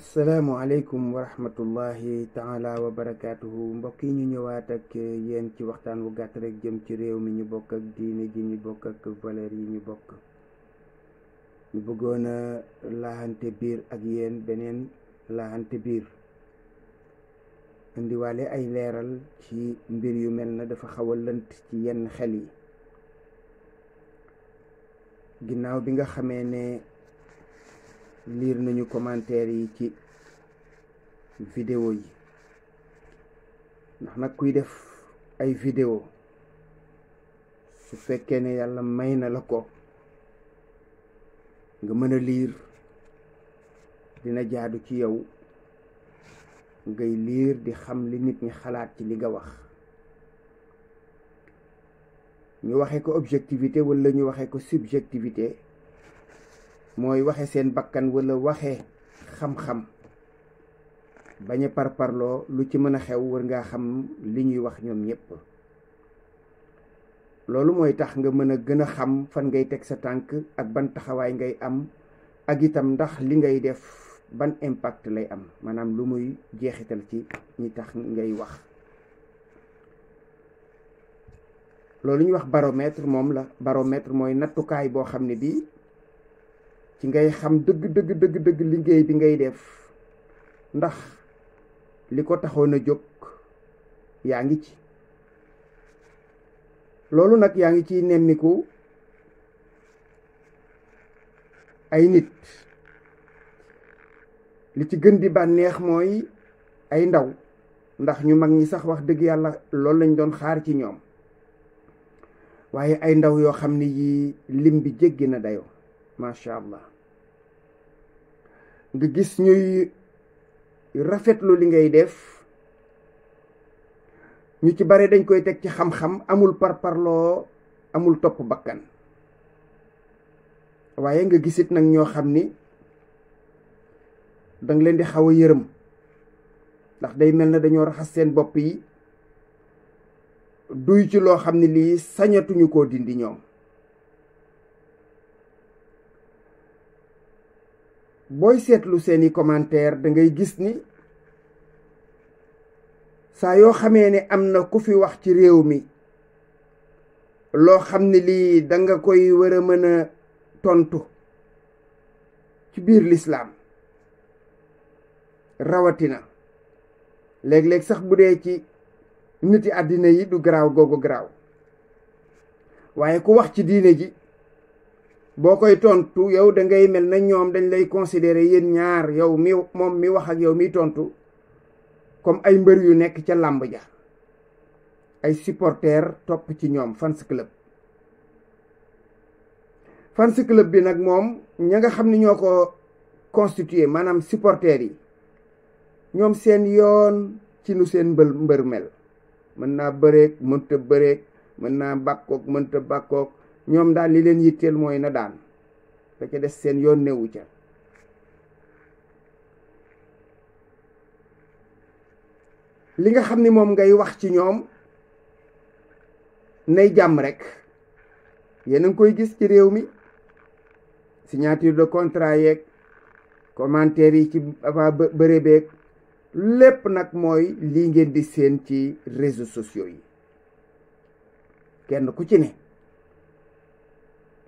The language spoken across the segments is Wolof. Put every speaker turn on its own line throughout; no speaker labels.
asalaamualeykum wa rahmatullahi taala wa barakaatuhu mbokk yi ñu ñëwaat ak yéen ci waxtaan wu gàtt rek jëm ci réew mi ñu bokk ak diine ji ñu bokk ak valeur yi ñu bokk ñu bëggoon a laahante biir ak yéen beneen laahante biir indiwaale ay leeral ci mbir yu mel na dafa xaw a lënt ci yenn xel yi ginnaaw bi nga xamee ne liir nañu commentaire yi ci vidéo yi ndax nag kuy def ay vidéo su fekkee ne yàlla may na la ko nga mën a liir dina jaadu ci yow ngay liir di xam li nit ñi xalaat ci li nga wax ñu waxee ko objectivité walla ñu waxee ko subjectivité mooy waxe seen bakkan wala waxe xam-xam bañ a parparloo lu ci mën a xew wër ngaa xam li ñuy wax ñoom ñëpp loolu mooy tax nga mën a gën a xam fan ngay teg sa tànk ak ban taxawaay ngay am ak itam ndax li ngay def ban impact lay am maanaam lu muy jeexital ci ñi tax ngay wax loolu ñu wax baromètre moom la baromètre mooy nattukaay boo xam ne bii ci ngay xam dëgg dëgg dëgg liggéey bi ngay def ndax li ko taxoon a jóg yaa ngi ci loolu nag yaa ngi ciy nemmiku ay nit li ci gën di bànneex mooy ay ndaw ndax ñu mag ñi sax wax dëgg yàlla loolu lañ doon xaar ci ñoom waaye ay ndaw yoo xam ne yii lim bi jéggi na dayoo macha allah nga gis ñuy rafetlu li ngay def ñu ci bare dañ koy teg ci xam-xam amul parparloo amul topp bakkan waaye nga gisit nag ñoo xam ni danga leen di xaw a yërëm ndax day mel na dañoo raxas seen bopp yi duy ci loo xam ne lii sañatuñu koo dindi ñoom booy seetlu seeni commentaire da ngay gis ni saa yoo xamee ne am na ku fi wax ci réew mi loo xam ne lii danga koy war a mën a tontu ci biir lislaam rawatina léeg-léeg sax bu dee ci niti àddina yi du garaaw googu garaaw waaye ku wax ci diine ji boo koy tontu yow da ngay mel na ñoom dañ lay considérer yéen ñaar yow mi moom mi wax ak yow mi tontu comme ay mbër yu nekk ca làmb ja ay supporters topp ci ñoom fans club fans club bi nag moom ña nga xam ne ñoo ko constitué maanaam supporters yi ñoom seen yoon ci nu seen mbër mbër mel mën naa bëreeg mënta bëreeg mën naa bàkkoog mënta bàkkoog ñoom daal li leen yitteel mooy na daan da ca des seen yoon newu ca li nga xam ni moom ngay wax ci ñoom nay jàmm rek yéen a ngi koy gis ci réew mi signature de contrat yeeg commentaire yi ci avant bëre beeg lépp nag mooy lii ngeen di seen ci réseau sociaux yi kenn ku ci ne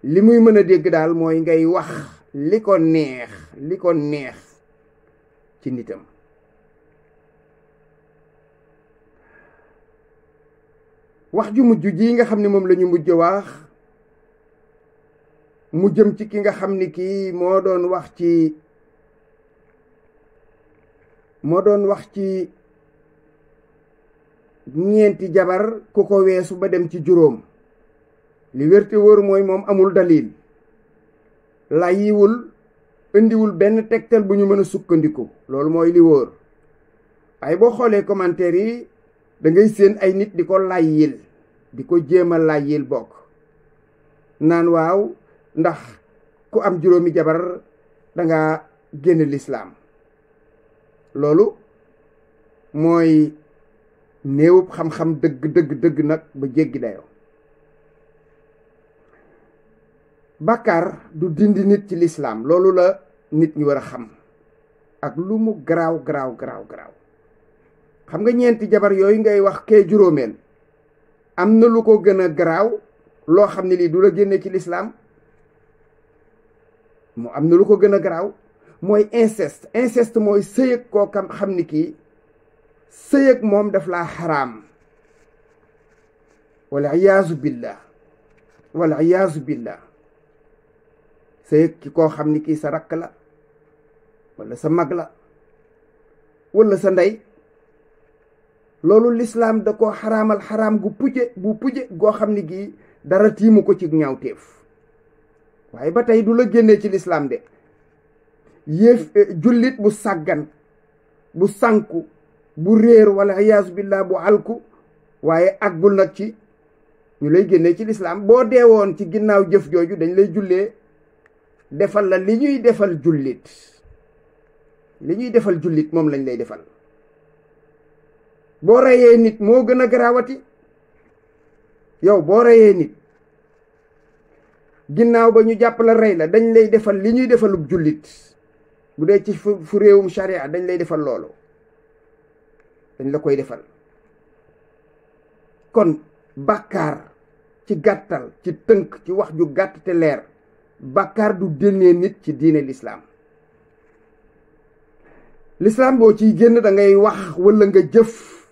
li muy mën a dégg daal mooy ngay wax li ko neex li ko neex ci nitam wax ju mujj ji nga xam ni moom lañu ñu mujj wax mu jëm ci ki nga xam ni kii moo doon wax ci moo doon wax ci ñeenti jabar ku ko weesu ba dem ci juróom li wérte wóor mooy moom amul dalil layiwul indiwul benn tegtal bu ñu mën a sukkandiku loolu mooy li wóor waaye boo xoolee commentaire yi dangay séen ay nit di ko layyil di ko jéem a layyil bokk naan waaw ndax ku am juróomi jabar danga génn lislaam loolu mooy néewub xam-xam dëgg dëgg dëgg nag ba jéggi dayoo bàkkaar du dindi nit ci lislaam loolu la nit ñi war a xam ak lu mu garaaw garaaw garaaw garaaw xam nga ñeenti jabar yooyu ngay wax kee juróomeel am na lu ko gën a garaaw loo xam ne lii du la génne ci lislaam mu am na lu ko gën a garaaw mooy inceste inceste mooy sëyëg koo kam xam ni kii sëyëg moom daf laa xaraam walla iyaazu billah wal iyaazu billah sëyëg ki koo xam ni kii sa rakk la walla sa mag la wala sa ndey loolu lislaam da koo xaraamal xaraam gu puje bu puje goo xam ni gi dara tiimu ko ci ñaw ñaawteef waaye ba tey du la génnee ci lislaam de eh, jullit bu sàggan bu sànku bu réer wala iyaasu billah bu alku waaye ak bul nag ci ñu lay génnee ci lislaam boo deewoon ci ginnaaw jëf jooju dañ lay jullee defal la li ñuy defal jullit li ñuy defal jullit moom lañ lay defal boo reyee nit moo gën a garaawati yow boo reyee nit ginnaaw ba ñu jàpp la rey la dañ lay defal li ñuy defalub jullit bu dee ci fu réewum charia dañ lay defal loolu dañ la koy defal kon bàkkaar ci gàttal ci tënk ci wax ju gàtt te leer bàkkaar du dénnee nit ci diine lislaam lislaam boo ciy génn dangay wax walla nga jëf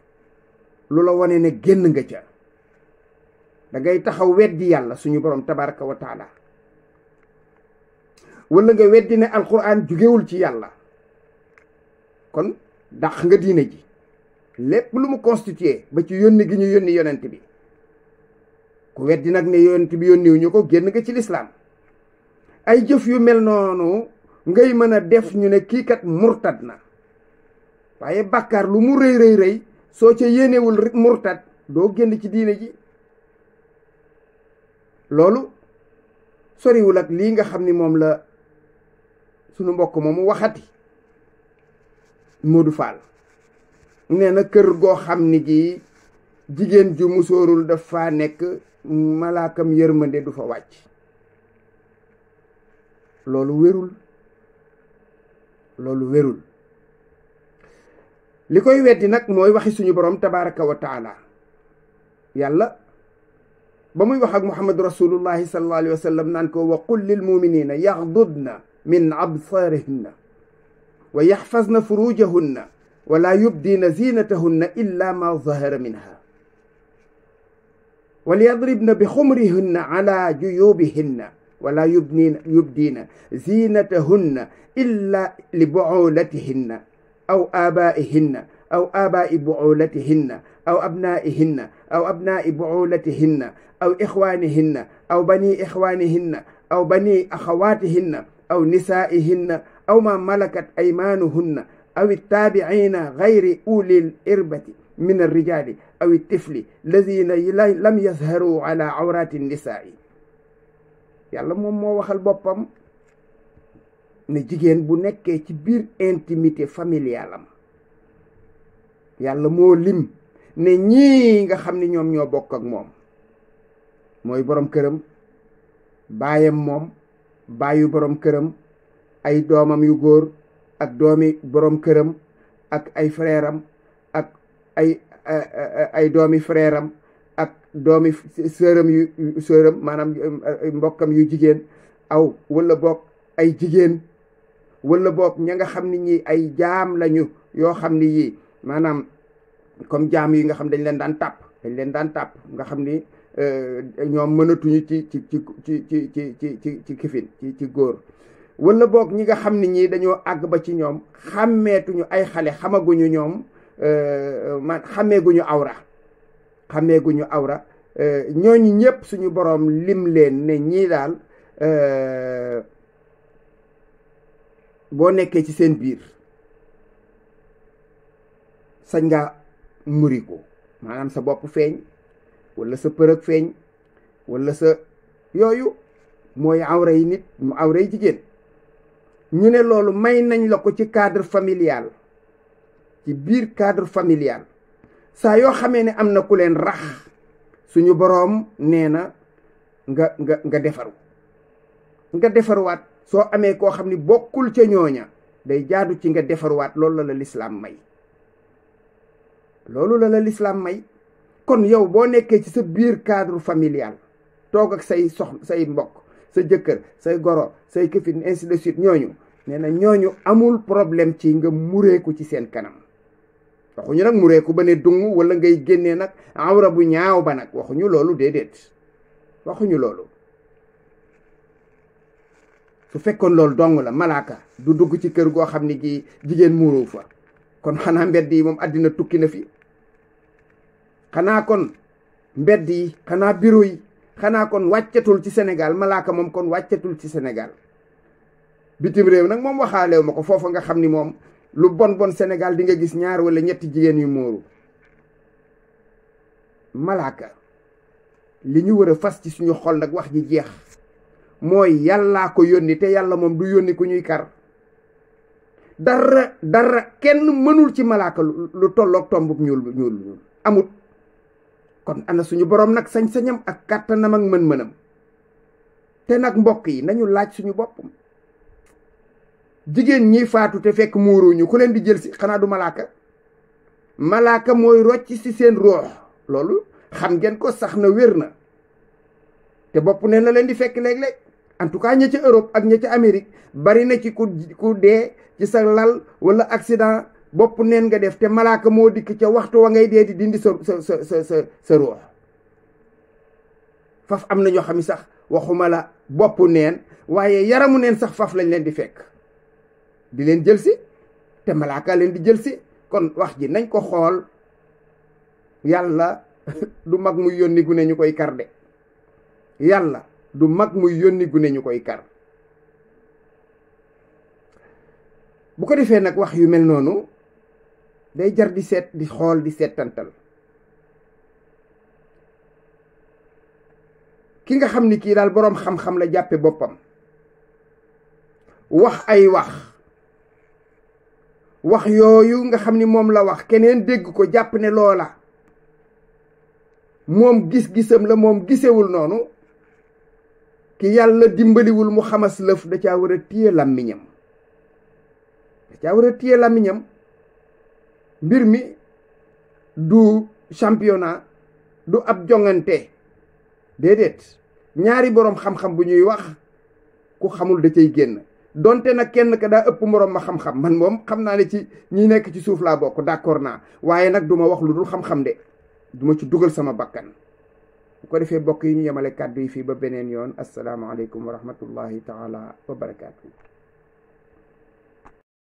lu la wane ne génn nga ca dangay ngay taxaw weddi yàlla suñu borom tabaraka wa taala walla nga weddi ne alquran jugewul ci yàlla kon dàq nga diine ji lépp lu mu constitué ba ci yónni gi ñu yónni yonent bi ku weddi nag ne yonent bi yoon ñu ko génn nga ci lislaam ay jëf yu mel noonu ngay mën a def ñu ne kii kat murtad na waaye bàkkaar lu mu rëy rëy rëy soo ca yéenewul rek murtad doo génn ci diine ji loolu soriwul ak lii nga xam ni moom la sunu mbokk moomu waxati Modou Fall nee na kër goo xam ni gi jigéen ju musóorul dafa nekk malaakam yërmande du fa wàcc loolu wérul loolu wérul li koy weddi nag mooy waxi suñu borom tabaraka wa taala yàlla ba muy wax ak muhammad rasulullahi sallallahu alayhi wa sallam naan ko wa qul lil muminina yaxdudna min absaarihinna wa yaxfazna furujahunna wala yubdiina ziinatahunna illa ma zahara minha walyadribna bi xumrihinna ala juyubihinna wala yubnina yubdiina zinatahunna illa li buulatihinna aw abaihinna aw abai buulatihinna aw abnaihinna aw abnai buulatihinna aw ixwaanihinna aw bani ixwaanihinna aw bani axawaatihinna aw nisaaihinna aw ma malakat aymaanuhunna aw ittaabiciina gayri ulil irbati min alrijali aw iltifli lazina lam yazharuu ala awraati nnisaai yàlla moom moo waxal boppam ne jigéen bu nekkee ci biir intimité familiale am yàlla moo lim ne ñii nga xam ni ñoom ñoo bokk ak moom mooy borom këram baayam moom baayu boroom këram ay doomam yu góor ak doomi boroom këram ak ay frère ak ay ay doomi freeram ak doomi sëram yu sëram maanaam mbokkam yu jigéen aw wala boog ay jigéen wala boog ña nga xam ni ñi ay jaam lañu yoo xam ni yii maanaam comme jaam yi nga xam dañ leen daan tàpp dañ leen daan tàpp nga xam ni e, ñoom mënatuñu ci ci ci ci ci ci ci ci ci kifin ci ci góor wala boog ñi nga xam ne ñii dañoo àgg ba ci ñoom xàmmeetuñu ay xale xamaguñu ñoom e, man xàmmeeguñu awra xameeguñu awra euh, ñooñu ñëpp suñu boroom lim leen ne ñii daal euh, boo nekkee ci seen biir sañ nga muri ko maanaam sa bopp feeñ walla sa përëg feeñ walla sa yooyu mooy awra yi nit mu awra yi jigéen ñu ne loolu may nañ la ko ci cadre familial ci biir cadre familial saa yoo xamee ne am na ku leen rax suñu boroom nee na nga nga nga defaru nga defaruwaat soo amee koo xam ni bokkul ca ñooña day jaadu ci nga defaruwaat loolu la la lislaam may loolu la lislaam may kon yow boo nekkee ci sa biir cadre familial toog ak say sox say mbokk sa jëkkër say goro say këfin ainsi de suite ñooñu nee na ñooñu amul problème ci nga mureeku ci seen kanam waxuñu nag mu reeku ba dung wala ngay génnee nag awra bu ñaaw ba nag waxuñu loolu déedéet waxuñu loolu su fekkoon loolu dong la malaaka du dugg ci kër goo xam ne gi jigéen muuroo fa kon xanaa mbedd yi moom àddina tukki na fi xanaa kon mbedd yi xanaa bureau yi xanaa kon wàccatul ci Sénégal malaaka moom kon wàccatul ci Sénégal bitim réew nag moom waxaalew ko foofa nga xam ni moom lu bon bon Sénégal di nga gis ñaar wala ñetti jigéen yu mooru malaaka li ñu war a fas ci suñu xol nag wax ji jeex mooy yàllaa ko yónni te yàlla moom du yónni ku ñuy kar dara dara kenn mënul ci malaaka lu tolloog tombub ñuul ñuul amut kon ana suñu boroom nag sañ-sañam ak kàttanam ak mën-mënam te nag mbokk yi nañu laaj suñu bopp jigéen ñi faatu te fekk muuroo ñu ku leen di jël si xanaa du malaaka malaaka mooy rocc si seen roox loolu xam ngeen ko sax na wér na te bopp neen la leen di fekk léeg-léeg en tout cas ña ca Europe ak ña ca Amérique bari na ci ku ku dee ci sa lal wala accident bopp neen nga def te malaaka moo dikk ca waxtu wa ngay dee di dindi sa sa sa sa am na ñoo xam ne sax waxuma la bopp neen waaye yaramu neen sax faf lañ leen di fekk di leen jël si te malaaka leen di jël si kon wax ji nañ ko xool yàlla du mag muy yónni gune ñu koy kar de yàlla du mag muy yónni gune ñu koy kar bu ko defee nag wax yu mel noonu day jar di seet di xool di seetantal ki nga xam ni kii daal boroom xam-xam la jàppe boppam wax ay wax wax yooyu nga xam ni moom la wax keneen dégg ko jàpp ne loola moom gis-gisam la moom gisewul noonu ki yàlla dimbaliwul mu xamas lëf da caa war a téye làmmiñam da caa war a téye làmmiñam mbir mi du championnat du ab jongante déedéet ñaari boroom xam-xam bu ñuy wax ku xamul da cay génn donte nag kenn ka daa ëpp moroom ma xam-xam man moom xam naa ne ci ñi nekk ci suuf laa bokk d'accord naa waaye nag du ma wax lu dul xam-xam de du ma ci dugal sama bakkan bu ko defee bokk yi ñu yemale kàddu yi fii ba beneen yoon asalaamaaleykum wa rahmatullahi taala wa barakaatu.